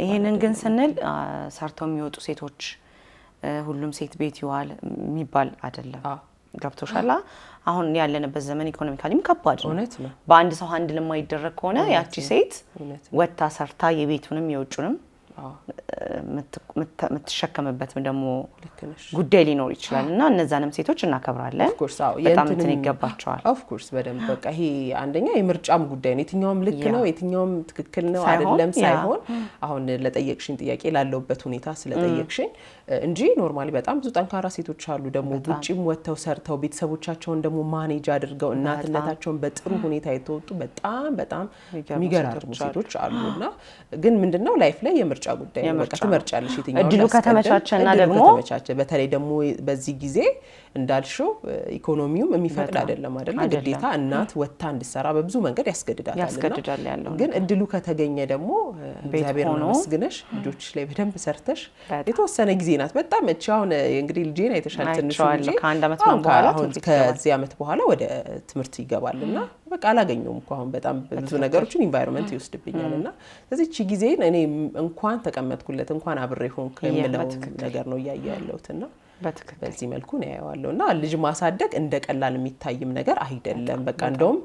ይሄንን ግን ስንል ሰርተው የሚወጡ ሴቶች ሁሉም ሴት ቤት ይዋል የሚባል አይደለም። ገብቶሻላ አሁን ያለንበት ዘመን ኢኮኖሚካሊም ከባድ ነው። በአንድ ሰው አንድ ለማይደረግ ከሆነ ያቺ ሴት ወታ ሰርታ የቤቱንም የውጩንም የምትሸከምበት ደግሞ ጉዳይ ሊኖር ይችላል እና እነዛንም ሴቶች እናከብራለን። በጣም እንትን ይገባቸዋል። ኦፍኮርስ በደንብ በቃ ይሄ አንደኛ የምርጫም ጉዳይ ነው። የትኛውም ልክ ነው፣ የትኛውም ትክክል ነው አይደለም ሳይሆን አሁን ለጠየቅሽኝ ጥያቄ ላለውበት ሁኔታ ስለጠየቅሽኝ እንጂ ኖርማሊ በጣም ብዙ ጠንካራ ሴቶች አሉ ደግሞ ውጭም ወጥተው ሰርተው ቤተሰቦቻቸውን ደግሞ ማኔጅ አድርገው እናትነታቸውን በጥሩ ሁኔታ የተወጡ በጣም በጣም የሚገራርሙ ሴቶች አሉ እና ግን ምንድነው ላይፍ ላይ የምር የምርጫ ጉዳይ ነው። በቃ ትመርጫለሽ የትኛውን እድሉ ከተመቻቸና ደግሞ ከተመቻቸ በተለይ ደግሞ በዚህ ጊዜ እንዳልሽው ኢኮኖሚውም የሚፈቅድ አይደለም አይደለ ግዴታ እናት ወታ እንድሰራ በብዙ መንገድ ያስገድዳታል ያለው ግን እድሉ ከተገኘ ደግሞ እግዚአብሔር አመስግነሽ ልጆች ላይ በደንብ ሰርተሽ የተወሰነ ጊዜ ናት በጣም እቺ አሁን እንግዲህ ልጄን አይተሻል ትንሽ ከአንድ አመት በኋላ ከዚህ አመት በኋላ ወደ ትምህርት ይገባልና በቃ አላገኘውም እኮ አሁን በጣም ብዙ ነገሮችን ኢንቫይሮንመንት ይወስድብኛል እና ስለዚህ እቺ ጊዜን እኔ እንኳን ተቀመጥኩለት እንኳን አብሬ ሆንክ የምለው ነገር ነው እያየ ያለሁት እና በዚህ መልኩ ነው ያየዋለሁ እና ልጅ ማሳደግ እንደ ቀላል የሚታይም ነገር አይደለም። በቃ እንደውም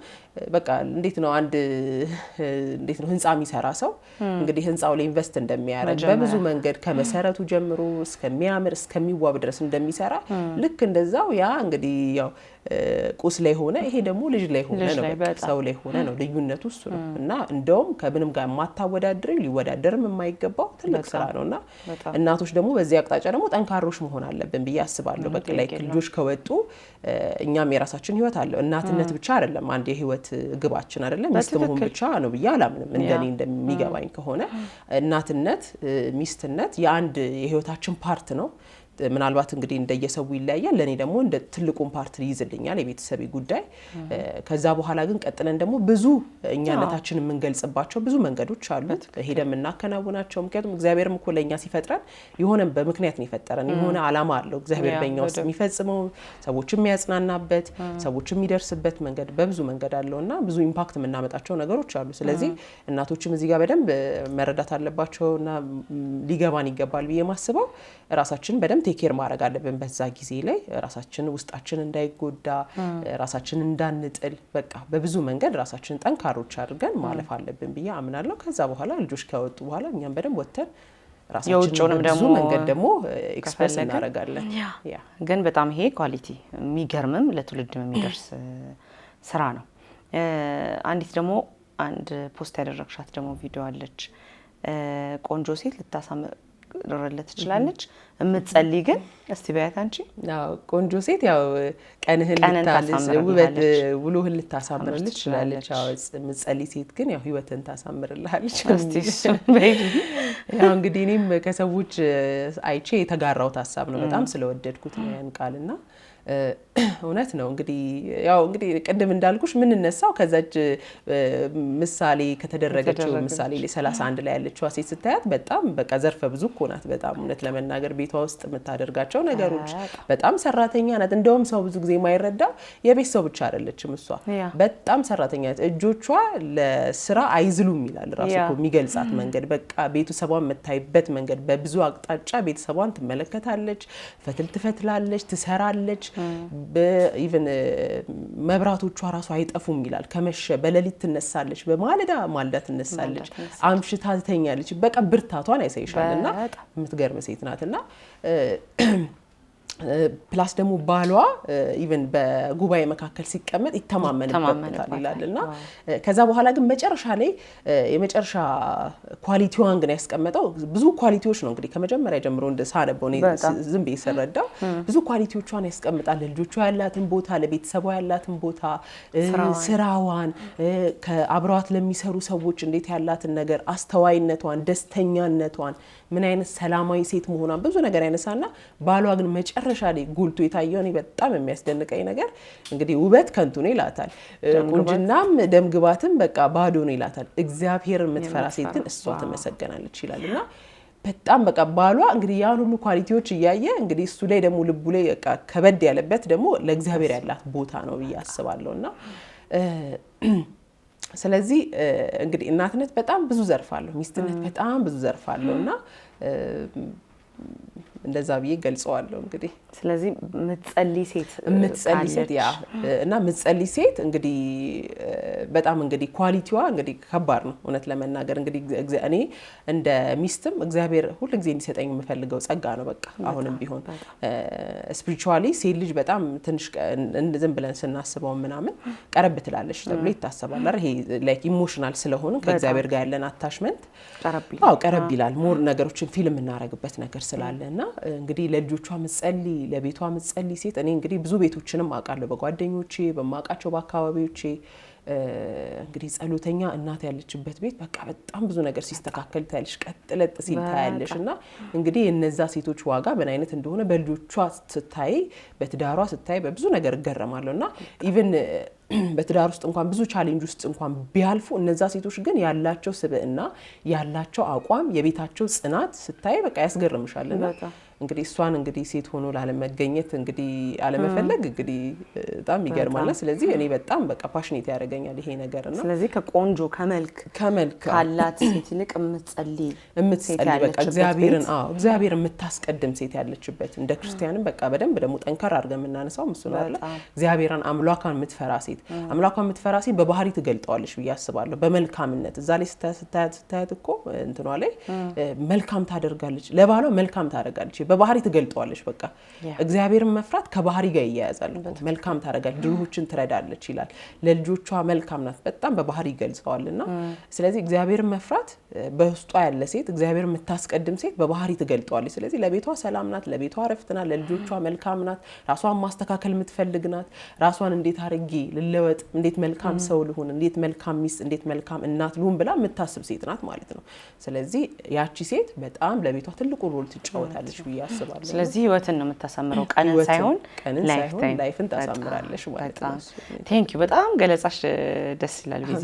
በቃ እንዴት ነው አንድ እንዴት ነው ህንፃ የሚሰራ ሰው እንግዲህ ህንፃው ላይ ኢንቨስት እንደሚያደርግ በብዙ መንገድ ከመሰረቱ ጀምሮ እስከሚያምር እስከሚዋብ ድረስ እንደሚሰራ ልክ እንደዛው ያ እንግዲህ ያው ቁስ ላይ ሆነ ይሄ ደግሞ ልጅ ላይ ሆነ ነው፣ ሰው ላይ ሆነ ነው። ልዩነቱ እሱ ነው እና እንደውም ከምንም ጋር የማታወዳድረው ሊወዳደርም የማይገባው ትልቅ ስራ ነው እና እናቶች ደግሞ በዚህ አቅጣጫ ደግሞ ጠንካሮች መሆን አለብን ብዬ አስባለሁ። በቃ ላይ ልጆች ከወጡ እኛም የራሳችን ህይወት አለው። እናትነት ብቻ አይደለም አንድ የህይወት አይነት ግባችን አይደለም። ሚስት መሆን ብቻ ነው ብዬ አላምንም። እንደኔ እንደሚገባኝ ከሆነ እናትነት፣ ሚስትነት የአንድ የህይወታችን ፓርት ነው። ምናልባት እንግዲህ እንደየሰው ይለያያል። ለእኔ ደግሞ እንደ ትልቁን ፓርት ይይዝልኛል የቤተሰቤ ጉዳይ። ከዛ በኋላ ግን ቀጥለን ደግሞ ብዙ እኛነታችን የምንገልጽባቸው ብዙ መንገዶች አሉ ሄደን የምናከናውናቸው። ምክንያቱም እግዚአብሔርም እኮ ለእኛ ሲፈጥረን የሆነ በምክንያት ነው የፈጠረን፣ የሆነ አላማ አለው እግዚአብሔር በእኛ ውስጥ የሚፈጽመው ሰዎች የሚያጽናናበት ሰዎች የሚደርስበት መንገድ በብዙ መንገድ አለው እና ብዙ ኢምፓክት የምናመጣቸው ነገሮች አሉ። ስለዚህ እናቶችም እዚህ ጋር በደንብ መረዳት አለባቸውና ሊገባን ይገባል ብዬ ማስበው ራሳችን በደንብ ቴኬር ማድረግ አለብን። በዛ ጊዜ ላይ ራሳችን ውስጣችን እንዳይጎዳ ራሳችን እንዳንጥል በቃ በብዙ መንገድ ራሳችን ጠንካሮች አድርገን ማለፍ አለብን ብዬ አምናለሁ። ከዛ በኋላ ልጆች ከወጡ በኋላ እኛም በደንብ ወጥተን የውጭውንም ደግሞ መንገድ ደግሞ ኤክስፕረስ እናደርጋለን። ግን በጣም ይሄ ኳሊቲ የሚገርምም ለትውልድም የሚደርስ ስራ ነው። አንዲት ደግሞ አንድ ፖስት ያደረግሻት ደግሞ ቪዲዮ አለች ቆንጆ ሴት ልታሳም ልትቀርለት ትችላለች። የምትጸልይ ግን እስቲ በያት አንቺ ቆንጆ ሴት ያው ቀንህን ውበት ውሎህን ልታሳምርልህ ትችላለች። የምትጸልይ ሴት ግን ያው ህይወትን ታሳምርልሃለች። ያው እንግዲህ እኔም ከሰዎች አይቼ የተጋራሁት ሀሳብ ነው። በጣም ስለወደድኩት ነው ያን ቃልና እውነት ነው። እንግዲህ ያው እንግዲህ ቅድም እንዳልኩሽ ምንነሳው ከዛች ምሳሌ ከተደረገችው ምሳሌ ላይ ሰላሳ አንድ ላይ ያለችዋ ሴት ስታያት በጣም በቃ ዘርፈ ብዙ እኮ ናት። በጣም እውነት ለመናገር ቤቷ ውስጥ የምታደርጋቸው ነገሮች በጣም ሰራተኛ ናት። እንደውም ሰው ብዙ ጊዜ የማይረዳው የቤት ሰው ብቻ አይደለችም እሷ በጣም ሰራተኛ ናት። እጆቿ ለስራ አይዝሉም ይላል ራሱ እኮ የሚገልጻት መንገድ በቃ ቤተሰቧን የምታይበት መንገድ በብዙ አቅጣጫ ቤተሰቧን ትመለከታለች፣ ፈትል ትፈትላለች፣ ትሰራለች ኢቨን መብራቶቿ ራሱ አይጠፉም ይላል። ከመሸ በሌሊት ትነሳለች፣ በማለዳ ማልዳ ትነሳለች፣ አምሽታ ትተኛለች። በቃ ብርታቷን አይሳይሻል እና የምትገርም ሴት ናት እና ፕላስ ደግሞ ባሏ ኢቨን በጉባኤ መካከል ሲቀመጥ ይተማመንበታል ይላል እና ከዛ በኋላ ግን መጨረሻ ላይ የመጨረሻ ኳሊቲዋን ግን ያስቀመጠው ብዙ ኳሊቲዎች ነው እንግዲህ ከመጀመሪያ ጀምሮ ሳነበው ዝም ብዬ ስረዳው ብዙ ኳሊቲዎቿን ያስቀምጣል። ለልጆቿ ያላትን ቦታ፣ ለቤተሰቧ ያላትን ቦታ፣ ስራዋን፣ ከአብረዋት ለሚሰሩ ሰዎች እንዴት ያላትን ነገር፣ አስተዋይነቷን፣ ደስተኛነቷን ምን አይነት ሰላማዊ ሴት መሆኗን ብዙ ነገር ያነሳና ባሏ ግን መጨረሻ ላይ ጎልቶ የታየውን በጣም የሚያስደንቀኝ ነገር እንግዲህ ውበት ከንቱ ነው ይላታል፣ ቁንጅናም ደም ግባትም በቃ ባዶ ነው ይላታል። እግዚአብሔር የምትፈራ ሴት ግን እሷ ትመሰገናለች ይላል እና በጣም በቃ ባሏ እንግዲህ ያን ሁሉ ኳሊቲዎች እያየ እንግዲህ እሱ ላይ ደግሞ ልቡ ላይ በቃ ከበድ ያለበት ደግሞ ለእግዚአብሔር ያላት ቦታ ነው ብዬ አስባለሁ እና ስለዚህ እንግዲህ እናትነት በጣም ብዙ ዘርፍ አለው፣ ሚስትነት በጣም ብዙ ዘርፍ አለው እና እንደዛ ብዬ ገልጸዋለሁ። እንግዲህ ስለዚህ ምትጸልይ ሴት ሴት ያ እና ምትጸልይ ሴት እንግዲህ በጣም እንግዲህ ኳሊቲዋ እንግዲህ ከባድ ነው እውነት ለመናገር እንግዲህ እኔ እንደ ሚስትም እግዚአብሔር ሁል ጊዜ እንዲሰጠኝ የምፈልገው ጸጋ ነው። በቃ አሁንም ቢሆን ስፒሪቹዋሊ ሴት ልጅ በጣም ትንሽ ዝም ብለን ስናስበው ምናምን ቀረብ ትላለች ተብሎ ይታሰባል። ይሄ ላይክ ኢሞሽናል ስለሆን ከእግዚአብሔር ጋር ያለን አታችመንት ቀረብ ይላል ሞር ነገሮችን ፊልም የምናደርግበት ነገር ስላለ እና እንግዲህ ለልጆቿ ምጸልይ ለቤቷ ምጸሊ ሴት እኔ እንግዲህ ብዙ ቤቶችንም አውቃለሁ በጓደኞቼ በማውቃቸው በአካባቢዎቼ እንግዲህ ጸሎተኛ እናት ያለችበት ቤት በቃ በጣም ብዙ ነገር ሲስተካከል ታያለሽ፣ ቀጥለጥ ሲል ታያለሽ። እና እንግዲህ የነዛ ሴቶች ዋጋ ምን አይነት እንደሆነ በልጆቿ ስታይ፣ በትዳሯ ስታይ፣ በብዙ ነገር እገረማለሁ እና ኢቨን በትዳር ውስጥ እንኳን ብዙ ቻሌንጅ ውስጥ እንኳን ቢያልፉ እነዛ ሴቶች ግን ያላቸው ስብዕና፣ ያላቸው አቋም፣ የቤታቸው ጽናት ስታይ በቃ ያስገርምሻልና እንግዲህ እሷን እንግዲህ ሴት ሆኖ ላለመገኘት እንግዲህ አለመፈለግ እንግዲህ በጣም ይገርማል። ስለዚህ እኔ በጣም በቃ ፓሽኔት ያደርገኛል ይሄ ነገር ነው። ስለዚህ ከቆንጆ ከመልክ ከመልክ ካላት ሴት ይልቅ የምትጸልይ የምትጸልይ በቃ እግዚአብሔርን አዎ እግዚአብሔር የምታስቀድም ሴት ያለችበት እንደ ክርስቲያንም በቃ በደንብ ደግሞ ጠንከር አድርገን የምናነሳው ምስሉ አለ እግዚአብሔርን አምላኳን የምትፈራ ሴት አምላኳን የምትፈራ ሴት በባህሪ ትገልጠዋለች ብዬ አስባለሁ። በመልካምነት እዛ ላይ ስታያት ስታያት እኮ እንትኗ ላይ መልካም ታደርጋለች፣ ለባሏ መልካም ታደርጋለች በባህሪ ትገልጠዋለች። በቃ እግዚአብሔርን መፍራት ከባህሪ ጋር ይያያዛል። መልካም ታደርጋለች፣ ድሆችን ትረዳለች ይላል። ለልጆቿ መልካም ናት፣ በጣም በባህሪ ይገልጸዋል። እና ስለዚህ እግዚአብሔርን መፍራት በውስጧ ያለ ሴት እግዚአብሔር የምታስቀድም ሴት በባህሪ ትገልጠዋለች። ስለዚህ ለቤቷ ሰላም ናት፣ ለቤቷ ረፍት ናት፣ ለልጆቿ መልካም ናት፣ ራሷን ማስተካከል የምትፈልግ ናት። ራሷን እንዴት አድርጌ ልለወጥ፣ እንዴት መልካም ሰው ልሁን፣ እንዴት መልካም ሚስት፣ እንዴት መልካም እናት ልሁን ብላ የምታስብ ሴት ናት ማለት ነው። ስለዚህ ያቺ ሴት በጣም ለቤቷ ትልቁ ሮል ትጫወታለች ብዬ ብዬ አስባለሁ። ስለዚህ ህይወትን ነው የምታሳምረው፣ ቀንን ሳይሆን ላይፍን ታሳምራለሽ ማለት ነው። ቴንክ ዩ በጣም ገለጻሽ ደስ ይላል። ጊዜ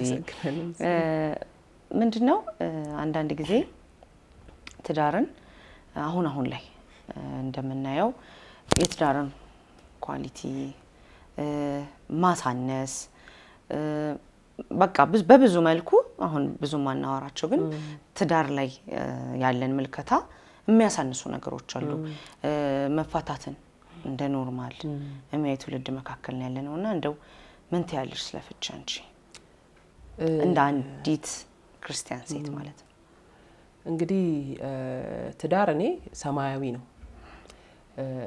ምንድን ነው አንዳንድ ጊዜ ትዳርን አሁን አሁን ላይ እንደምናየው የትዳርን ኳሊቲ ማሳነስ በቃ በብዙ መልኩ አሁን ብዙ ማናወራቸው ግን ትዳር ላይ ያለን ምልከታ የሚያሳንሱ ነገሮች አሉ። መፋታትን እንደ ኖርማል የሚያይ ትውልድ መካከል ነው ያለ ነው እና እንደው ምን ትያለሽ ስለ ፍቺ አንቺ እንደ አንዲት ክርስቲያን ሴት ማለት ነው? እንግዲህ ትዳር እኔ ሰማያዊ ነው፣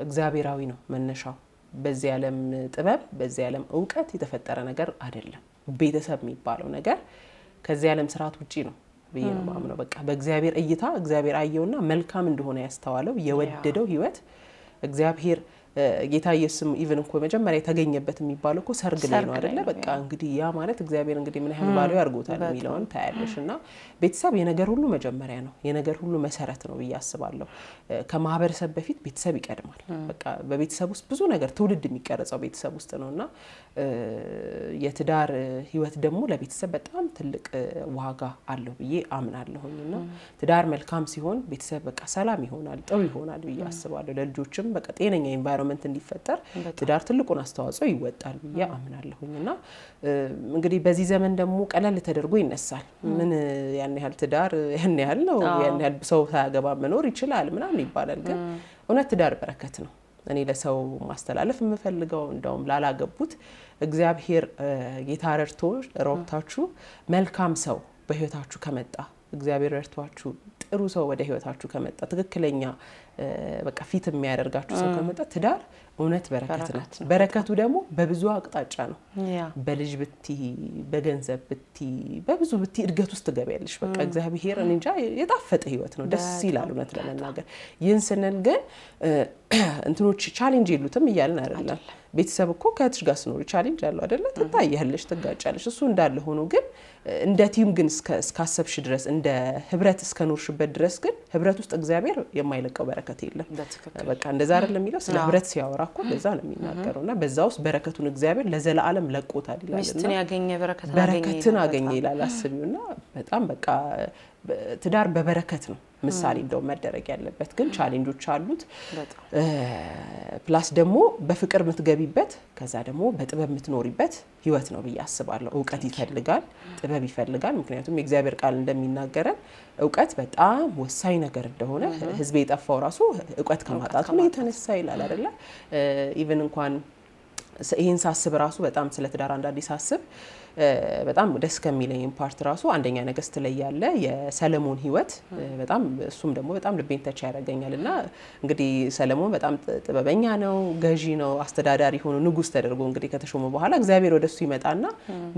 እግዚአብሔራዊ ነው መነሻው። በዚህ ዓለም ጥበብ በዚህ ዓለም እውቀት የተፈጠረ ነገር አይደለም። ቤተሰብ የሚባለው ነገር ከዚህ ዓለም ስርዓት ውጪ ነው። ብዬ ነው ማምነው። በቃ በእግዚአብሔር እይታ እግዚአብሔር አየውና መልካም እንደሆነ ያስተዋለው የወደደው ህይወት እግዚአብሔር ጌታ ኢየሱስም ኢቨን እኮ መጀመሪያ የተገኘበት የሚባለው እኮ ሰርግ ላይ ነው አይደለ? በቃ እንግዲህ ያ ማለት እግዚአብሔር እንግዲህ ምን ያህል ባለው ያርጎታል የሚለውን ታያለሽ። እና ቤተሰብ የነገር ሁሉ መጀመሪያ ነው፣ የነገር ሁሉ መሰረት ነው ብዬ አስባለሁ። ከማህበረሰብ በፊት ቤተሰብ ይቀድማል። በቃ በቤተሰብ ውስጥ ብዙ ነገር ትውልድ የሚቀረጸው ቤተሰብ ውስጥ ነው እና የትዳር ህይወት ደግሞ ለቤተሰብ በጣም ትልቅ ዋጋ አለው ብዬ አምናለሁኝ። እና ትዳር መልካም ሲሆን ቤተሰብ በቃ ሰላም ይሆናል፣ ጥሩ ይሆናል ብዬ አስባለሁ። ለልጆችም በቃ ጤነኛ ኢንቫይሮንመንት ኢንቫይሮንመንት እንዲፈጠር ትዳር ትልቁን አስተዋጽኦ ይወጣል ብዬ አምናለሁኝ። እና እንግዲህ በዚህ ዘመን ደግሞ ቀለል ተደርጎ ይነሳል። ምን ያን ያህል ትዳር ያን ያህል ነው፣ ያን ያህል ሰው ሳያገባ መኖር ይችላል ምናምን ይባላል። ግን እውነት ትዳር በረከት ነው። እኔ ለሰው ማስተላለፍ የምፈልገው እንደውም ላላገቡት እግዚአብሔር ጌታ ረድቶ ረብታችሁ መልካም ሰው በህይወታችሁ ከመጣ እግዚአብሔር ረድቷችሁ ጥሩ ሰው ወደ ህይወታችሁ ከመጣ ትክክለኛ በቃ ፊት የሚያደርጋችሁ ሰው ከመጣ ትዳር እውነት በረከት ናት። በረከቱ ደግሞ በብዙ አቅጣጫ ነው። በልጅ ብቲ፣ በገንዘብ ብቲ፣ በብዙ ብቲ እድገት ውስጥ ትገቢያለሽ። በቃ እግዚአብሔር እንጃ የጣፈጠ ህይወት ነው። ደስ ይላል እውነት ለመናገር። ይህን ስንል ግን እንትኖች ቻሌንጅ የሉትም እያልን አይደለም ቤተሰብ እኮ ከእህትሽ ጋር ስኖር ቻሌንጅ አለው አይደለ? ትታያለሽ፣ ትጋጫለሽ። እሱ እንዳለ ሆኖ ግን እንደ ቲም ግን እስካሰብሽ ድረስ እንደ ህብረት እስከኖርሽበት ድረስ ግን ህብረት ውስጥ እግዚአብሔር የማይለቀው በረከት የለም። በቃ እንደዛ አይደለም የሚለው ስለ ህብረት ሲያወራ እኮ እንደዛ ነው የሚናገረው እና በዛ ውስጥ በረከቱን እግዚአብሔር ለዘላለም ለቆታል ይላል። በረከትን አገኘ ይላል። አስቢው እና በጣም በቃ ትዳር በበረከት ነው ምሳሌ እንደው መደረግ ያለበት ግን ቻሌንጆች አሉት። ፕላስ ደግሞ በፍቅር የምትገቢበት ከዛ ደግሞ በጥበብ የምትኖሪበት ህይወት ነው ብዬ አስባለሁ። እውቀት ይፈልጋል፣ ጥበብ ይፈልጋል። ምክንያቱም የእግዚአብሔር ቃል እንደሚናገረን እውቀት በጣም ወሳኝ ነገር እንደሆነ ህዝብ የጠፋው ራሱ እውቀት ከማጣቱ ነው የተነሳ ይላል አይደለ? ኢቨን እንኳን ይህን ሳስብ ራሱ በጣም ስለ ትዳር አንዳንዴ ሳስብ በጣም ደስ ከሚለኝ ፓርት ራሱ አንደኛ ነገስት ላይ ያለ የሰለሞን ህይወት በጣም እሱም ደግሞ በጣም ልቤን ተች ያደርገኛል እና እንግዲህ ሰለሞን በጣም ጥበበኛ ነው፣ ገዢ ነው፣ አስተዳዳሪ ሆኖ ንጉስ ተደርጎ እንግዲህ ከተሾመ በኋላ እግዚአብሔር ወደሱ ይመጣና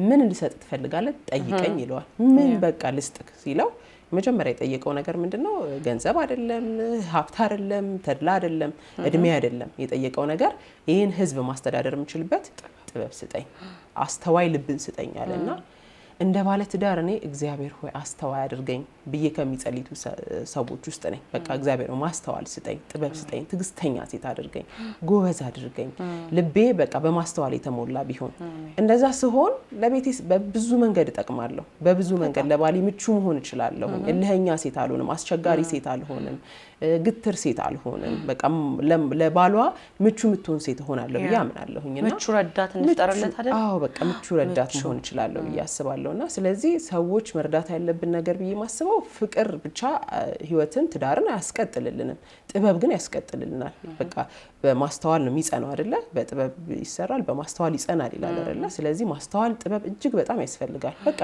ምን ልሰጥ ትፈልጋለህ? ጠይቀኝ ይለዋል። ምን በቃ ልስጥክ ሲለው መጀመሪያ የጠየቀው ነገር ምንድን ነው? ገንዘብ አይደለም፣ ሀብት አይደለም፣ ተድላ አይደለም፣ እድሜ አይደለም። የጠየቀው ነገር ይህን ህዝብ ማስተዳደር የምችልበት ጥበብ ስጠኝ፣ አስተዋይ ልብን ስጠኝ አለና እንደ ባለትዳር እኔ እግዚአብሔር ሆይ አስተዋይ አድርገኝ ብዬ ከሚጸልቱ ሰዎች ውስጥ ነኝ። በቃ እግዚአብሔር ማስተዋል ስጠኝ፣ ጥበብ ስጠኝ፣ ትግስተኛ ሴት አድርገኝ፣ ጎበዝ አድርገኝ፣ ልቤ በቃ በማስተዋል የተሞላ ቢሆን። እንደዛ ስሆን ለቤቴ በብዙ መንገድ እጠቅማለሁ፣ በብዙ መንገድ ለባሌ ምቹ መሆን እችላለሁ። እልኸኛ ሴት አልሆንም፣ አስቸጋሪ ሴት አልሆንም፣ ግትር ሴት አልሆንም። በቃ ለባሏ ምቹ የምትሆን ሴት እሆናለሁ ብዬ አምናለሁኝ። ምቹ ረዳት እንፍጠርለት አይደል? አዎ በቃ ምቹ ረዳት መሆን እችላለሁ ብዬ አስባለሁ። እና ስለዚህ ሰዎች መርዳት ያለብን ነገር ብዬ ማስበው ፍቅር ብቻ ህይወትን፣ ትዳርን አያስቀጥልልንም። ጥበብ ግን ያስቀጥልልናል። በቃ በማስተዋል ነው የሚጸናው አይደለ? በጥበብ ይሰራል በማስተዋል ይጸናል ይላል አይደለ? ስለዚህ ማስተዋል ጥበብ እጅግ በጣም ያስፈልጋል። በቃ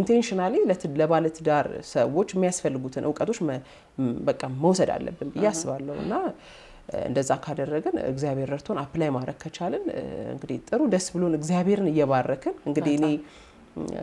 ኢንቴንሽናሊ ለባለትዳር ሰዎች የሚያስፈልጉትን እውቀቶች በቃ መውሰድ አለብን ብዬ አስባለሁ እና እንደዛ ካደረግን እግዚአብሔር ረድቶን አፕላይ ማድረግ ከቻልን እንግዲህ ጥሩ ደስ ብሎን እግዚአብሔርን እየባረክን እንግዲህ እኔ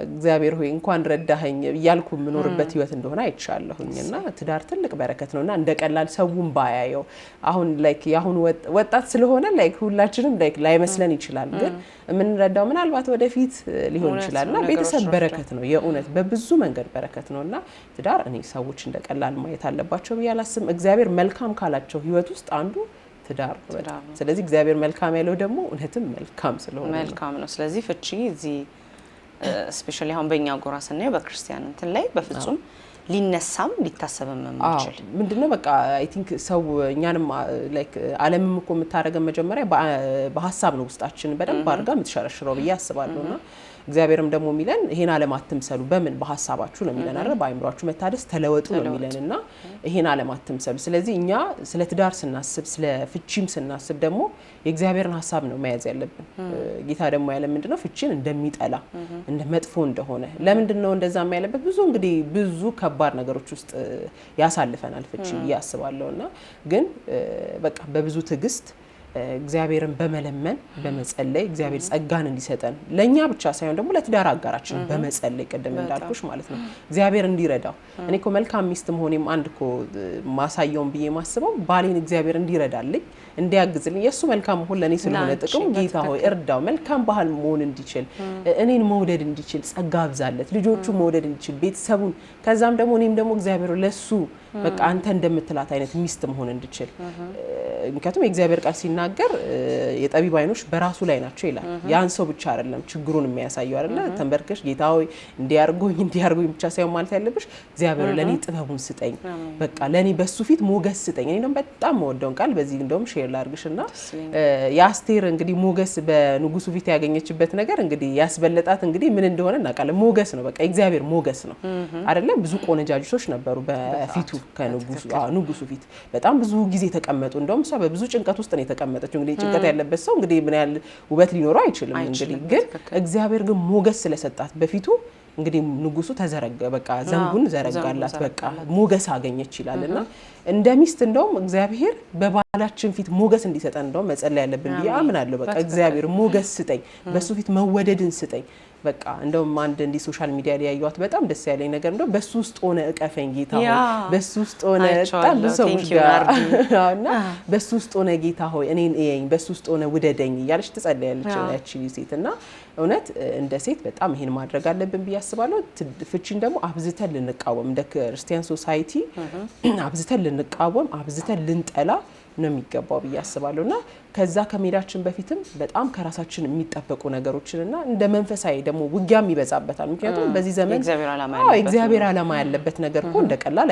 እግዚአብሔር ሆይ እንኳን ረዳኸኝ እያልኩ የምኖርበት ህይወት እንደሆነ አይቻለሁኝ። እና ትዳር ትልቅ በረከት ነው እና እንደ ቀላል ሰውም ባያየው አሁን ላይክ የአሁኑ ወጣት ስለሆነ ላይክ ሁላችንም ላይክ ላይመስለን ይችላል፣ ግን የምንረዳው ምናልባት ወደፊት ሊሆን ይችላል። እና ቤተሰብ በረከት ነው የእውነት በብዙ መንገድ በረከት ነው እና ትዳር እኔ ሰዎች እንደ ቀላል ማየት አለባቸው ብዬ አላስብም። እግዚአብሔር መልካም ካላቸው ህይወት ውስጥ አንዱ ትዳር ነው። ስለዚህ እግዚአብሔር መልካም ያለው ደግሞ እውነትም መልካም ስለሆነ መልካም ነው። ስለዚህ ፍቺ እዚህ ስፔሻሊ አሁን በእኛ ጎራ ስናየው በክርስቲያን እንትን ላይ በፍጹም ሊነሳም ሊታሰብም የምችል ምንድነው በቃ አይ ቲንክ ሰው እኛንም ላይክ ዓለምም እኮ የምታደርገን መጀመሪያ በሀሳብ ነው ውስጣችን በደንብ አድርጋ የምትሸረሽረው ብዬ አስባለሁ እግዚአብሔርም ደግሞ የሚለን ይሄን ዓለም አትምሰሉ፣ በምን በሀሳባችሁ ነው የሚለን አይደል? በአይምሯችሁ መታደስ ተለወጡ ነው የሚለን እና ይሄን ዓለም አትምሰሉ። ስለዚህ እኛ ስለ ትዳር ስናስብ፣ ስለ ፍቺም ስናስብ ደግሞ የእግዚአብሔርን ሀሳብ ነው መያዝ ያለብን። ጌታ ደግሞ ያለ ነው ፍቺን እንደሚጠላ እንደ መጥፎ እንደሆነ። ለምንድን ነው እንደዛ ያለበት? ብዙ እንግዲህ ብዙ ከባድ ነገሮች ውስጥ ያሳልፈናል ፍቺ እያስባለሁ እና ግን በቃ በብዙ ትዕግስት እግዚአብሔርን በመለመን በመጸለይ እግዚአብሔር ጸጋን እንዲሰጠን ለእኛ ብቻ ሳይሆን ደግሞ ለትዳር አጋራችን በመጸለይ ቅድም እንዳልኩሽ ማለት ነው እግዚአብሔር እንዲረዳው። እኔ ኮ መልካም ሚስት መሆኔም አንድ ኮ ማሳየውን ብዬ ማስበው ባሌን እግዚአብሔር እንዲረዳልኝ እንዲያግዝልኝ የእሱ መልካም መሆን ለእኔ ስለሆነ ጥቅም ጌታ ሆይ እርዳው፣ መልካም ባህል መሆን እንዲችል፣ እኔን መውደድ እንዲችል ጸጋ አብዛለት፣ ልጆቹ መውደድ እንዲችል ቤተሰቡን፣ ከዛም ደግሞ እኔም ደግሞ እግዚአብሔር ለሱ በቃ አንተ እንደምትላት አይነት ሚስት መሆን እንድችል። ምክንያቱም የእግዚአብሔር ቃል ሲናገር የጠቢብ አይኖች በራሱ ላይ ናቸው ይላል። ያን ሰው ብቻ አይደለም ችግሩን የሚያሳየው አይደለ። ተንበርከሽ ጌታ ሆይ እንዲያርጎኝ እንዲያርጎኝ ብቻ ሳይሆን ማለት ያለብሽ እግዚአብሔር ለእኔ ጥበቡን ስጠኝ፣ በቃ ለእኔ በሱ ፊት ሞገስ ስጠኝ። እኔ ደግሞ በጣም መወደውን ቃል በዚህ እንደውም ሼር ላርግሽ እና የአስቴር እንግዲህ ሞገስ በንጉሱ ፊት ያገኘችበት ነገር እንግዲህ ያስበለጣት እንግዲህ ምን እንደሆነ እናውቃለን። ሞገስ ነው በቃ የእግዚአብሔር ሞገስ ነው አይደለም። ብዙ ቆነጃጅቶች ነበሩ በፊቱ ከንጉሱ ፊት በጣም ብዙ ጊዜ ተቀመጡ። እንደውም እሷ በብዙ ጭንቀት ውስጥ ነው የተቀመጠችው። እንግዲህ ጭንቀት ያለበት ሰው እንግዲህ ምን ያህል ውበት ሊኖረው አይችልም። እንግዲህ ግን እግዚአብሔር ግን ሞገስ ስለሰጣት በፊቱ እንግዲህ ንጉሱ ተዘረጋ፣ በቃ ዘንጉን ዘረጋላት፣ በቃ ሞገስ አገኘች ይላል እና እንደ ሚስት እንደውም እግዚአብሔር በባላችን ፊት ሞገስ እንዲሰጠን እንደውም መጸለይ ያለብን ብዬ አምናለሁ። በቃ እግዚአብሔር ሞገስ ስጠኝ፣ በእሱ ፊት መወደድን ስጠኝ በቃ እንደውም አንድ እንዲህ ሶሻል ሚዲያ ላይ ያየኋት በጣም ደስ ያለኝ ነገር እንደው በሱ ውስጥ ሆነ እቀፈኝ ጌታ ሆይ፣ በሱ ውስጥ ሆነ በጣም ብዙ ሰዎች ጋር እና በሱ ውስጥ ሆነ ጌታ ሆይ እኔን እየኝ፣ በሱ ውስጥ ሆነ ውደደኝ እያለች ትጸልያለች ያቺ ሴት እና እውነት እንደ ሴት በጣም ይሄን ማድረግ አለብን ብዬ አስባለሁ። ፍቺን ደግሞ አብዝተን ልንቃወም እንደ ክርስቲያን ሶሳይቲ አብዝተን ልንቃወም አብዝተን ልንጠላ ነው የሚገባው ብዬ አስባለሁ እና ከዛ ከሜዳችን በፊትም በጣም ከራሳችን የሚጠበቁ ነገሮችን እና እንደ መንፈሳዊ ደግሞ ውጊያም ይበዛበታል። ምክንያቱም በዚህ ዘመን እግዚአብሔር ዓላማ ያለበት ነገር እኮ እንደ ቀላል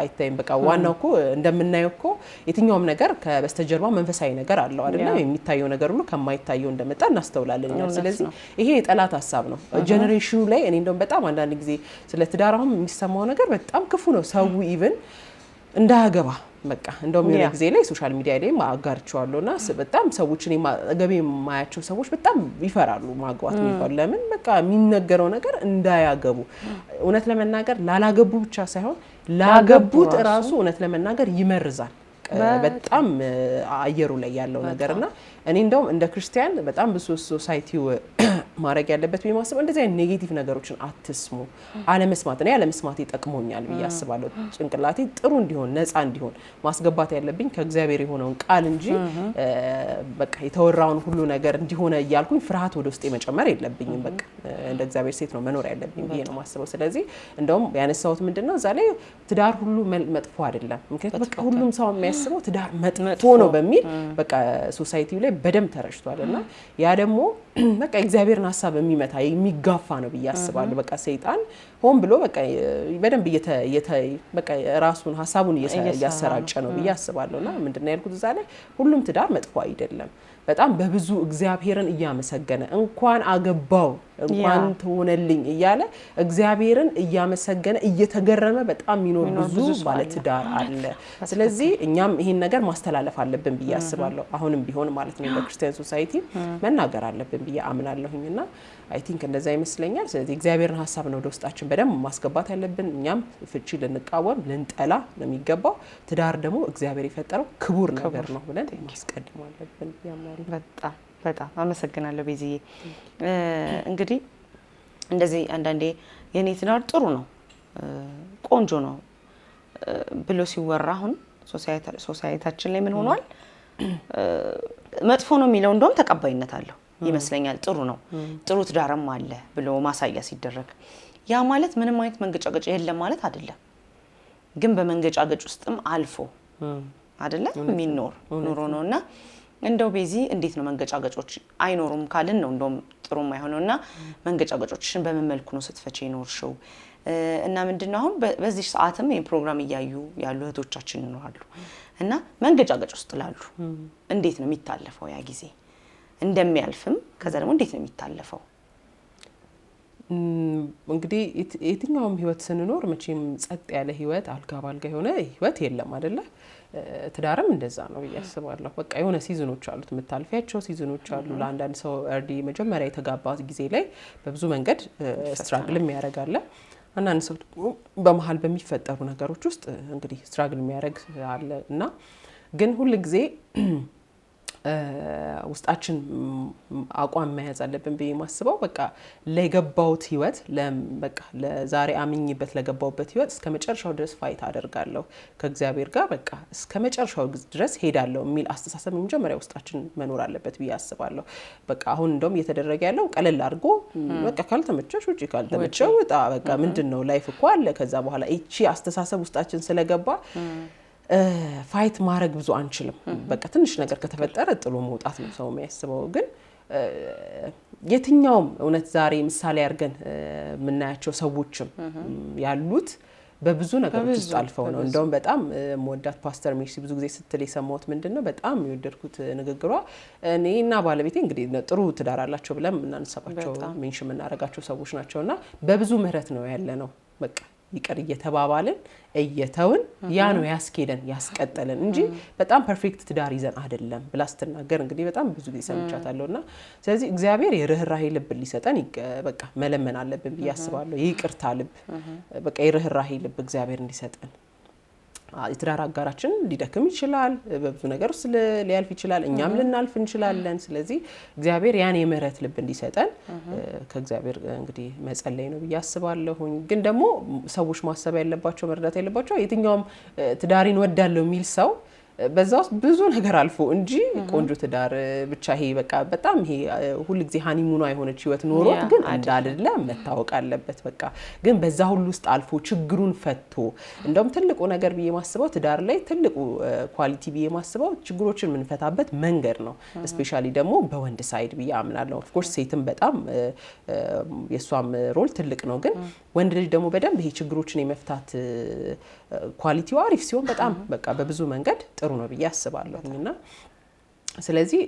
አይታይም። በቃ ዋናው እኮ እንደምናየው እኮ የትኛውም ነገር ከበስተጀርባ መንፈሳዊ ነገር አለው አይደለም። የሚታየው ነገር ሁሉ ከማይታየው እንደመጣ እናስተውላለን። ስለዚህ ይሄ የጠላት ሀሳብ ነው ጀኔሬሽኑ ላይ እኔ እንደውም በጣም አንዳንድ ጊዜ ስለ ትዳራሁም የሚሰማው ነገር በጣም ክፉ ነው። ሰው ኢቭን እንዳያገባ በቃ እንደውም የሆነ ጊዜ ላይ ሶሻል ሚዲያ ላይ አጋርቼዋለሁ እና በጣም ሰዎች ገቢ የማያቸው ሰዎች በጣም ይፈራሉ ማግባት የሚባሉ ለምን በቃ የሚነገረው ነገር እንዳያገቡ እውነት ለመናገር ላላገቡ ብቻ ሳይሆን ላገቡት እራሱ እውነት ለመናገር ይመርዛል በጣም አየሩ ላይ ያለው ነገር እና እኔ እንደውም እንደ ክርስቲያን በጣም ብዙ ሶሳይቲው ማድረግ ያለበት ብዬ ማስበው እንደዚህ አይነት ኔጌቲቭ ነገሮችን አትስሙ፣ አለመስማት። እኔ አለመስማት ይጠቅሞኛል ብዬ አስባለሁ። ጭንቅላቴ ጥሩ እንዲሆን ነፃ እንዲሆን ማስገባት ያለብኝ ከእግዚአብሔር የሆነውን ቃል እንጂ በቃ የተወራውን ሁሉ ነገር እንዲሆነ እያልኩኝ ፍርሃት ወደ ውስጤ መጨመር የለብኝም። በቃ እንደ እግዚአብሔር ሴት ነው መኖር ያለብኝ ብዬ ነው ማስበው። ስለዚህ እንደውም ያነሳሁት ምንድን ነው እዛ ላይ ትዳር ሁሉ መጥፎ አይደለም። ምክንያቱም በቃ ሁሉም ሰው የሚያስበው ትዳር መጥፎ ነው በሚል በቃ ሶሳይቲው ላይ ላይ በደንብ ተረጭቷል እና ያ ደግሞ በቃ እግዚአብሔርን ሀሳብ የሚመታ የሚጋፋ ነው ብዬ አስባለሁ። በቃ ሰይጣን ሆን ብሎ በቃ በደንብ በቃ ራሱን ሀሳቡን እያሰራጨ ነው ብዬ አስባለሁ እና ምንድን ነው ያልኩት እዛ ላይ ሁሉም ትዳር መጥፎ አይደለም። በጣም በብዙ እግዚአብሔርን እያመሰገነ እንኳን አገባው እንኳን ትሆነልኝ እያለ እግዚአብሔርን እያመሰገነ እየተገረመ በጣም የሚኖር ብዙ ባለትዳር አለ። ስለዚህ እኛም ይሄን ነገር ማስተላለፍ አለብን ብዬ አስባለሁ። አሁንም ቢሆን ማለት ነው በክርስቲያን ሶሳይቲ መናገር አለብን ብዬ አምናለሁኝና አይ ቲንክ እንደዛ ይመስለኛል። ስለዚህ እግዚአብሔርን ሀሳብ ነው ወደ ውስጣችን በደንብ ማስገባት ያለብን። እኛም ፍቺ ልንቃወም ልንጠላ ነው የሚገባው። ትዳር ደግሞ እግዚአብሔር የፈጠረው ክቡር ነገር ነው ብለን ማስቀደም አለብን። በጣም በጣም አመሰግናለሁ ቤዝዬ። እንግዲህ እንደዚህ አንዳንዴ የኔትናር ትዳር ጥሩ ነው ቆንጆ ነው ብሎ ሲወራ አሁን ሶሳይታችን ላይ ምን ሆኗል? መጥፎ ነው የሚለው እንደውም ተቀባይነት አለው ይመስለኛል ጥሩ ነው። ጥሩ ትዳርም አለ ብሎ ማሳያ ሲደረግ ያ ማለት ምንም አይነት መንገጫገጭ የለም ማለት አይደለም። ግን በመንገጫገጭ ውስጥም አልፎ አይደለም የሚኖር ኑሮ ነው እና እንደው ቤዚ እንዴት ነው መንገጫገጮች አይኖሩም ካልን ነው እንደውም ጥሩ የማይሆነው እና መንገጫገጮችን በምን መልኩ ነው ስትፈቼ ይኖርሽው? እና ምንድን ነው አሁን በዚህ ሰዓትም ይህ ፕሮግራም እያዩ ያሉ እህቶቻችን ይኖራሉ እና መንገጫገጭ ውስጥ ላሉ እንዴት ነው የሚታለፈው ያ ጊዜ? እንደሚያልፍም ከዛ ደግሞ እንዴት ነው የሚታለፈው? እንግዲህ የትኛውም ህይወት ስንኖር መቼም ጸጥ ያለ ህይወት አልጋ ባልጋ የሆነ ህይወት የለም አደለ? ትዳርም እንደዛ ነው ብዬ አስባለሁ። በቃ የሆነ ሲዝኖች አሉት፣ የምታልፊያቸው ሲዝኖች አሉ። ለአንዳንድ ሰው እርዲ መጀመሪያ የተጋባ ጊዜ ላይ በብዙ መንገድ ስትራግልም ያደርጋል። አንዳንድ ሰው በመሀል በሚፈጠሩ ነገሮች ውስጥ እንግዲህ ስትራግል የሚያደርግ አለ እና ግን ጊዜ ውስጣችን አቋም መያዝ አለብን ብዬ ማስበው በቃ ለገባውት ህይወት በቃ ለዛሬ አምኝበት ለገባውበት ህይወት እስከ መጨረሻው ድረስ ፋይት አደርጋለሁ ከእግዚአብሔር ጋር በቃ እስከ መጨረሻው ድረስ ሄዳለሁ የሚል አስተሳሰብ መጀመሪያ ውስጣችን መኖር አለበት ብዬ አስባለሁ። በቃ አሁን እንደውም እየተደረገ ያለው ቀለል አድርጎ በቃ ካልተመቸሽ ውጭ፣ ካልተመቸው ውጣ። በቃ ምንድን ነው ላይፍ እኮ አለ። ከዛ በኋላ ይቺ አስተሳሰብ ውስጣችን ስለገባ ፋይት ማድረግ ብዙ አንችልም። በቃ ትንሽ ነገር ከተፈጠረ ጥሎ መውጣት ነው ሰው የሚያስበው። ግን የትኛውም እውነት ዛሬ ምሳሌ አድርገን የምናያቸው ሰዎችም ያሉት በብዙ ነገሮች ውስጥ አልፈው ነው። እንደውም በጣም መወዳት ፓስተር ሜርሲ ብዙ ጊዜ ስትል የሰማሁት ምንድን ነው በጣም የወደድኩት ንግግሯ፣ እኔና ባለቤቴ እንግዲህ ጥሩ ትዳር አላቸው ብለን የምናነሳባቸው ሜንሽን የምናደርጋቸው ሰዎች ናቸው እና በብዙ ምህረት ነው ያለ ነው በቃ ይቅር እየተባባልን እየተውን ያ ነው ያስኬደን ያስቀጠልን እንጂ በጣም ፐርፌክት ትዳር ይዘን አይደለም ብላ ስትናገር እንግዲህ በጣም ብዙ ጊዜ ሰምቻታለሁ። እና ስለዚህ እግዚአብሔር የርኅራሄ ልብ ሊሰጠን በቃ መለመን አለብን ብዬ አስባለሁ። ይቅርታ ልብ፣ በቃ የርኅራሄ ልብ እግዚአብሔር እንዲሰጠን የትዳር አጋራችን ሊደክም ይችላል። በብዙ ነገር ውስጥ ሊያልፍ ይችላል። እኛም ልናልፍ እንችላለን። ስለዚህ እግዚአብሔር ያን የምህረት ልብ እንዲሰጠን ከእግዚአብሔር እንግዲህ መጸለይ ነው ብዬ አስባለሁኝ። ግን ደግሞ ሰዎች ማሰብ ያለባቸው መረዳት ያለባቸው የትኛውም ትዳር ይወዳለሁ የሚል ሰው በዛ ውስጥ ብዙ ነገር አልፎ እንጂ ቆንጆ ትዳር ብቻ ይሄ በቃ በጣም ይሄ ሁልጊዜ ሀኒሙኗ የሆነች ህይወት ኖሮት ግን እንዳልለ መታወቅ አለበት። በቃ ግን በዛ ሁሉ ውስጥ አልፎ ችግሩን ፈቶ እንደውም ትልቁ ነገር ብዬ ማስበው ትዳር ላይ ትልቁ ኳሊቲ ብዬ ማስበው ችግሮችን የምንፈታበት መንገድ ነው። እስፔሻሊ ደግሞ በወንድ ሳይድ ብዬ አምናለሁ። ኦፍኮርስ ሴትም በጣም የእሷም ሮል ትልቅ ነው። ግን ወንድ ልጅ ደግሞ በደንብ ይሄ ችግሮችን የመፍታት ኳሊቲው አሪፍ ሲሆን በጣም በቃ በብዙ መንገድ ጥሩ ጥሩ ነው ብዬ አስባለሁ እና ስለዚህ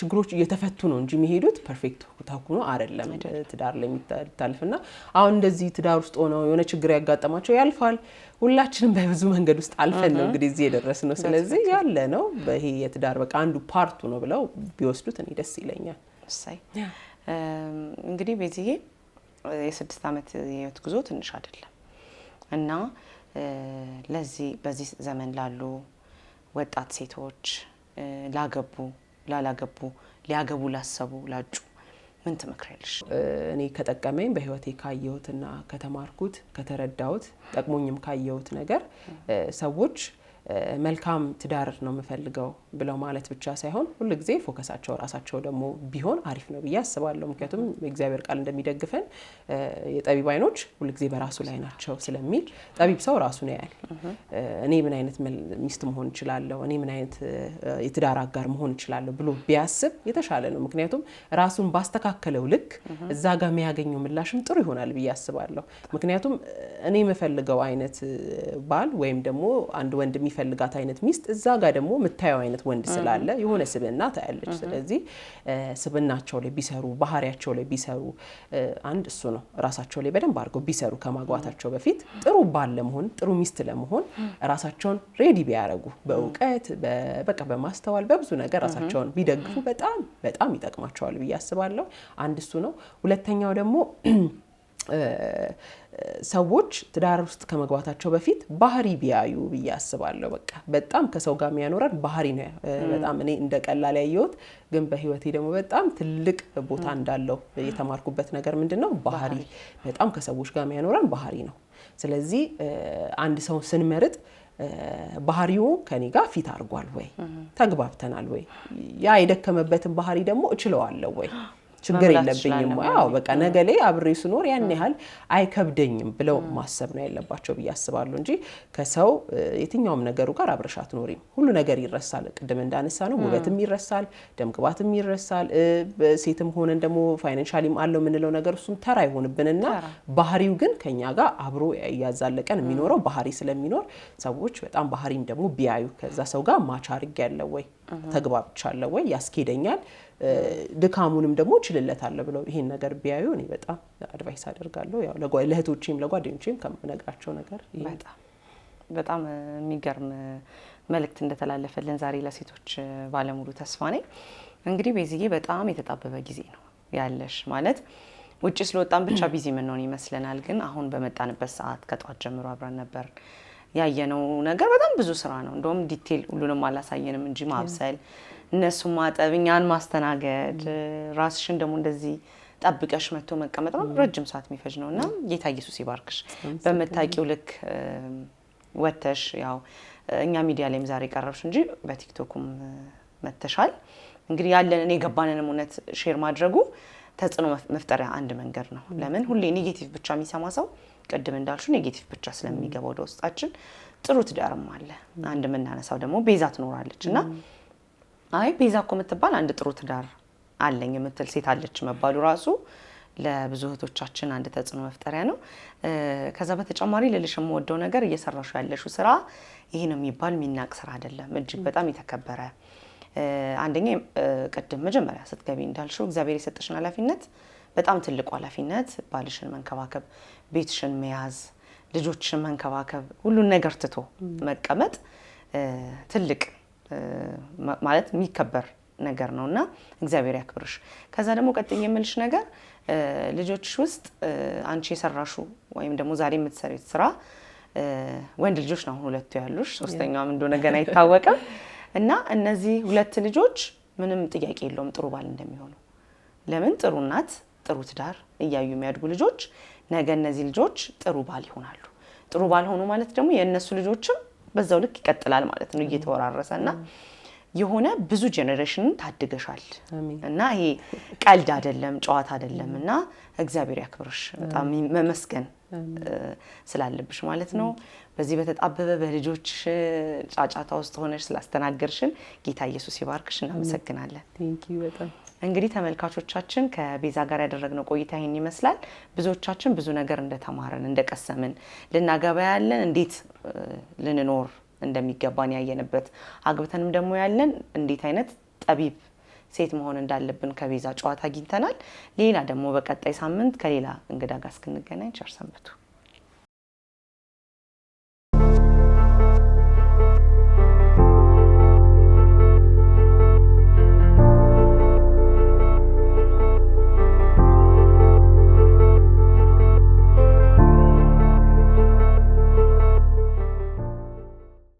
ችግሮች እየተፈቱ ነው እንጂ የሚሄዱት ፐርፌክት ታኩኖ አይደለም። ትዳር ለሚታልፍ ና አሁን እንደዚህ ትዳር ውስጥ ሆነው የሆነ ችግር ያጋጠማቸው ያልፋል። ሁላችንም በብዙ መንገድ ውስጥ አልፈን ነው እንግዲህ እዚህ የደረስ ነው። ስለዚህ ያለ ነው ይሄ የትዳር በቃ አንዱ ፓርቱ ነው ብለው ቢወስዱት እኔ ደስ ይለኛል። እሰይ እንግዲህ በዚህ የስድስት ዓመት የህይወት ጉዞ ትንሽ አይደለም እና ለዚህ በዚህ ዘመን ላሉ ወጣት ሴቶች ላገቡ፣ ላላገቡ፣ ሊያገቡ ላሰቡ፣ ላጩ ምን ትመክሪያለሽ? እኔ ከጠቀመኝ በህይወቴ ካየሁትና ከተማርኩት ከተረዳሁት ጠቅሞኝም ካየሁት ነገር ሰዎች መልካም ትዳር ነው የምፈልገው ብለው ማለት ብቻ ሳይሆን ሁል ጊዜ ፎከሳቸው ራሳቸው ደግሞ ቢሆን አሪፍ ነው ብዬ አስባለሁ። ምክንያቱም እግዚአብሔር ቃል እንደሚደግፈን የጠቢብ አይኖች ሁል ጊዜ በራሱ ላይ ናቸው ስለሚል ጠቢብ ሰው ራሱን ያል እኔ ምን አይነት ሚስት መሆን እችላለሁ፣ እኔ ምን አይነት የትዳር አጋር መሆን እችላለሁ ብሎ ቢያስብ የተሻለ ነው። ምክንያቱም ራሱን ባስተካከለው ልክ እዛ ጋር የሚያገኘው ምላሽም ጥሩ ይሆናል ብዬ አስባለሁ። ምክንያቱም እኔ የምፈልገው አይነት ባል ወይም ደግሞ አንድ ወንድ የሚፈልጋት አይነት ሚስት እዛ ጋር ደግሞ የምታየው አይነት ወንድ ስላለ የሆነ ስብና ታያለች። ስለዚህ ስብናቸው ላይ ቢሰሩ፣ ባህሪያቸው ላይ ቢሰሩ፣ አንድ እሱ ነው። ራሳቸው ላይ በደንብ አድርገው ቢሰሩ ከማግባታቸው በፊት ጥሩ ባል ለመሆን ጥሩ ሚስት ለመሆን ራሳቸውን ሬዲ ቢያደርጉ በእውቀት በቃ በማስተዋል በብዙ ነገር ራሳቸውን ቢደግፉ በጣም በጣም ይጠቅማቸዋል ብዬ አስባለሁ። አንድ እሱ ነው። ሁለተኛው ደግሞ ሰዎች ትዳር ውስጥ ከመግባታቸው በፊት ባህሪ ቢያዩ ብዬ አስባለሁ። በቃ በጣም ከሰው ጋር የሚያኖረን ባህሪ ነው። በጣም እኔ እንደ ቀላል ያየሁት ግን በህይወቴ ደግሞ በጣም ትልቅ ቦታ እንዳለው የተማርኩበት ነገር ምንድን ነው? ባህሪ በጣም ከሰዎች ጋር የሚያኖረን ባህሪ ነው። ስለዚህ አንድ ሰው ስንመርጥ ባህሪው ከኔ ጋር ፊት አድርጓል ወይ፣ ተግባብተናል ወይ፣ ያ የደከመበትን ባህሪ ደግሞ እችለዋለሁ ወይ ችግር የለብኝም፣ አዎ በቃ ነገ ላይ አብሬ ስኖር ያን ያህል አይከብደኝም ብለው ማሰብ ነው ያለባቸው ብዬ አስባለሁ እንጂ ከሰው የትኛውም ነገሩ ጋር አብረሻ አትኖሪም። ሁሉ ነገር ይረሳል። ቅድም እንዳነሳ ነው ውበትም ይረሳል፣ ደም ግባትም ይረሳል። ሴትም ሆነን ደግሞ ፋይናንሻሊም አለው የምንለው ነገር እሱም ተራ ይሆንብንና ባህሪው ግን ከኛ ጋር አብሮ እያዛለቀን የሚኖረው ባህሪ ስለሚኖር ሰዎች በጣም ባህሪም ደግሞ ቢያዩ ከዛ ሰው ጋር ማቻ አርግ ያለው ወይ ተግባብቻለሁ ወይ ያስኬደኛል፣ ድካሙንም ደግሞ እችልለታለሁ ብለው ይሄን ነገር ቢያዩ እኔ በጣም አድቫይስ አደርጋለሁ። ያው ለእህቶቼም ለጓደኞቼም ከምነግራቸው ነገር በጣም በጣም የሚገርም መልእክት እንደተላለፈልን ዛሬ ለሴቶች ባለሙሉ ተስፋ ነኝ። እንግዲህ ቤዝዬ በጣም የተጣበበ ጊዜ ነው ያለሽ ማለት ውጭ ስለወጣን ብቻ ቢዚ ምንሆን ይመስለናል። ግን አሁን በመጣንበት ሰዓት ከጧት ጀምሮ አብረን ነበር ያየነው ነገር በጣም ብዙ ስራ ነው። እንደውም ዲቴል ሁሉንም አላሳየንም እንጂ ማብሰል፣ እነሱን ማጠብ፣ እኛን ማስተናገድ፣ ራስሽን ደግሞ እንደዚህ ጠብቀሽ መጥቶ መቀመጥ ነው ረጅም ሰዓት የሚፈጅ ነው እና ጌታ ኢየሱስ ይባርክሽ። በምታውቂው ልክ ወተሽ ያው እኛ ሚዲያ ላይም ዛሬ ቀረብሽ እንጂ በቲክቶኩም መተሻል። እንግዲህ ያለን እኔ የገባንንም እውነት ሼር ማድረጉ ተጽዕኖ መፍጠሪያ አንድ መንገድ ነው። ለምን ሁሌ ኔጌቲቭ ብቻ የሚሰማ ሰው ቅድም እንዳልሹ ኔጌቲቭ ብቻ ስለሚገባ ወደ ውስጣችን ጥሩ ትዳርም አለ። አንድ የምናነሳው ደግሞ ቤዛ ትኖራለች እና አይ ቤዛ እኮ የምትባል አንድ ጥሩ ትዳር አለኝ የምትል ሴት አለች መባሉ ራሱ ለብዙ እህቶቻችን አንድ ተጽዕኖ መፍጠሪያ ነው። ከዛ በተጨማሪ ልልሽ የምወደው ነገር እየሰራሹ ያለሹ ስራ ይህ ነው የሚባል የሚናቅ ስራ አይደለም። እጅግ በጣም የተከበረ አንደኛ፣ ቅድም መጀመሪያ ስትገቢ እንዳልሽው እግዚአብሔር የሰጠሽን ኃላፊነት በጣም ትልቁ ኃላፊነት ባልሽን መንከባከብ፣ ቤትሽን መያዝ፣ ልጆችን መንከባከብ፣ ሁሉን ነገር ትቶ መቀመጥ ትልቅ ማለት የሚከበር ነገር ነው እና እግዚአብሔር ያክብርሽ። ከዛ ደግሞ ቀጥኝ የምልሽ ነገር ልጆች ውስጥ አንቺ የሰራሹ ወይም ደግሞ ዛሬ የምትሰሪት ስራ ወንድ ልጆች ነው አሁን ሁለቱ ያሉሽ፣ ሶስተኛዋም እንደሆነ ገና አይታወቅም እና እነዚህ ሁለት ልጆች ምንም ጥያቄ የለውም ጥሩ ባል እንደሚሆኑ ለምን ጥሩ እናት ጥሩ ትዳር እያዩ የሚያድጉ ልጆች ነገ እነዚህ ልጆች ጥሩ ባል ይሆናሉ። ጥሩ ባል ሆኑ ማለት ደግሞ የእነሱ ልጆችም በዛው ልክ ይቀጥላል ማለት ነው እየተወራረሰ እና የሆነ ብዙ ጄኔሬሽንን ታድገሻል እና ይሄ ቀልድ አይደለም፣ ጨዋታ አይደለም እና እግዚአብሔር ያክብርሽ። በጣም መመስገን ስላለብሽ ማለት ነው። በዚህ በተጣበበ በልጆች ጫጫታ ውስጥ ሆነሽ ስላስተናገርሽን ጌታ ኢየሱስ ይባርክሽ። እናመሰግናለን። እንግዲህ ተመልካቾቻችን ከቤዛ ጋር ያደረግነው ቆይታ ይህን ይመስላል። ብዙዎቻችን ብዙ ነገር እንደተማረን እንደቀሰምን ልናገባ ያለን እንዴት ልንኖር እንደሚገባን ያየንበት አግብተንም ደግሞ ያለን እንዴት አይነት ጠቢብ ሴት መሆን እንዳለብን ከቤዛ ጨዋታ አግኝተናል። ሌላ ደግሞ በቀጣይ ሳምንት ከሌላ እንግዳ ጋር እስክንገናኝ ቸር ሰንብቱ።